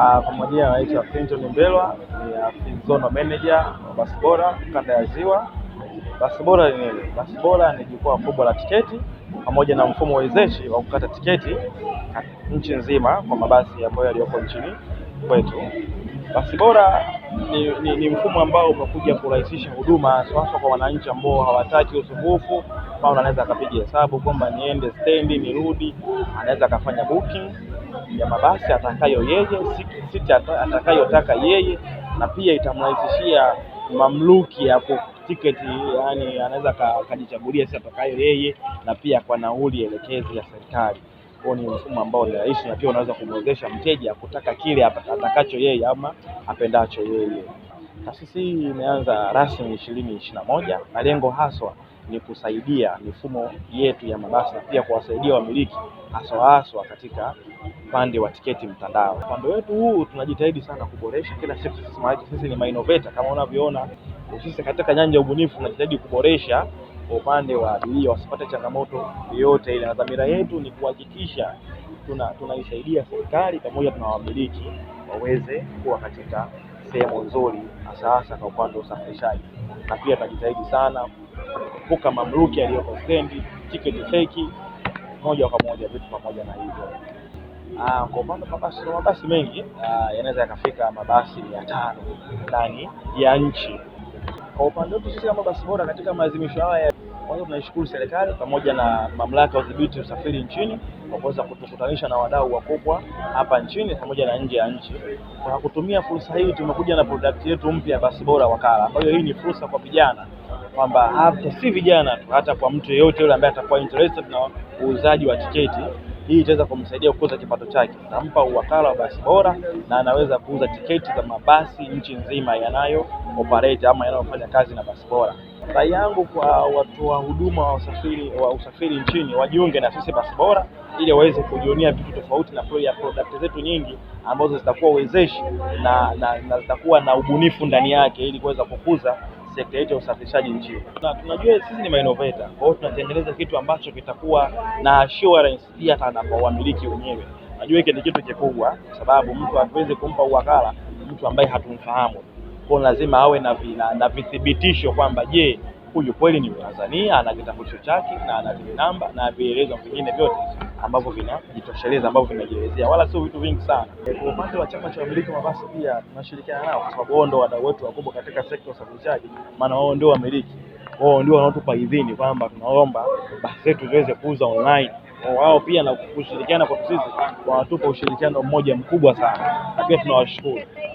Ah, kwa majina naitwa Clinton Mbelwa ni Zone Manager wa Basi Bora Kanda ya Ziwa. Basi Bora ni nini? Basi Bora ni jukwaa kubwa la tiketi pamoja na mfumo wezeshi wa kukata tiketi nchi nzima kwa mabasi ambayo yaliyoko nchini kwetu. Basi Bora ni, ni, ni mfumo ambao umekuja kurahisisha huduma hasa kwa wananchi ambao hawataki usumbufu, anaweza akapiga hesabu kwamba niende stendi nirudi, anaweza akafanya booking ya mabasi atakayo yeye, siti atakayotaka yeye, na pia itamrahisishia mamluki hapo tiketi, yani anaweza akajichagulia siti atakayo yeye, na pia kwa nauli elekezi ya serikali. Huo ni mfumo ambao ni rahisi na pia unaweza kumwezesha mteja kutaka kile atakacho yeye ama apendacho yeye. Taasisi hii imeanza rasmi ishirini ishirini na moja na lengo haswa ni kusaidia mifumo yetu ya mabasi na pia kuwasaidia wamiliki haswa haswa katika upande wa tiketi mtandao. Upande wetu huu tunajitahidi sana kuboresha kila siku sisi, maana sisi ni mainoveta kama unavyoona sisi katika nyanja ya ubunifu tunajitahidi kuboresha upande wa abiria wasipate changamoto yoyote ile, na dhamira yetu ni kuhakikisha tuna tunaisaidia serikali pamoja na wamiliki waweze kuwa katika sehemu nzuri hasa hasa kwa upande wa usafirishaji, na pia tunajitahidi sana kuka mamluki aliyoko stendi, tiketi feki moja kwa moja, vitu pamoja na hivyo. Ah, kwa upande wa mabasi mengi ah, yanaweza yakafika mabasi mia tano ndani ya nchi. Kwa upande wetu sisi kama basi bora, katika maadhimisho haya, kwanza tunaishukuru serikali pamoja na mamlaka ya udhibiti usafiri nchini kwa kuweza kutukutanisha na wadau wakubwa hapa nchini pamoja na nje ya nchi. Kwa kutumia fursa hii, tumekuja na product yetu mpya ya basi bora wakala, ambayo hii ni fursa kwa vijana kwamba hapo si vijana tu, hata kwa mtu yeyote yule ambaye atakuwa interested na uuzaji wa tiketi hii itaweza kumsaidia kukuza kipato chake. nampa uwakala wa basi bora na anaweza kuuza tiketi za mabasi nchi nzima yanayo operate ama yanayofanya kazi na basi bora. Rai yangu kwa wa huduma wa usafiri wa usafiri nchini wajiunge na sisi basi bora, ili waweze kujionia vitu tofauti na ya product zetu nyingi ambazo zitakuwa wezeshi na, na, na zitakuwa na ubunifu ndani yake ili kuweza kukuza sekta yetu ya usafirishaji nchini. Na tunajua sisi ni mainovator. kwa hiyo tunatengeneza kitu ambacho kitakuwa na assurance pia kwa wamiliki wenyewe. Najua hiki ni kitu kikubwa, kwa sababu mtu hatuwezi kumpa uwakala mtu ambaye hatumfahamu, kwa lazima awe na, na, na vithibitisho kwamba je, huyu kweli ni Mtanzania, ana kitambulisho chake na ana TIN namba na vielezo vingine vyote ambavyo vinajitosheleza ambavyo vinajielezea wala sio vitu vingi sana. Kwa upande wa chama cha wamiliki wa mabasi pia tunashirikiana nao, kwa sababu wao ndio wadau wetu wakubwa katika sekta ya usafirishaji, maana wao ndio wamiliki, wao ndio wanaotupa idhini kwamba tunaomba basi zetu ziweze kuuza online wao pia na kushirikiana kwa sisi, wanatupa ushirikiano mmoja mkubwa sana na pia tunawashukuru.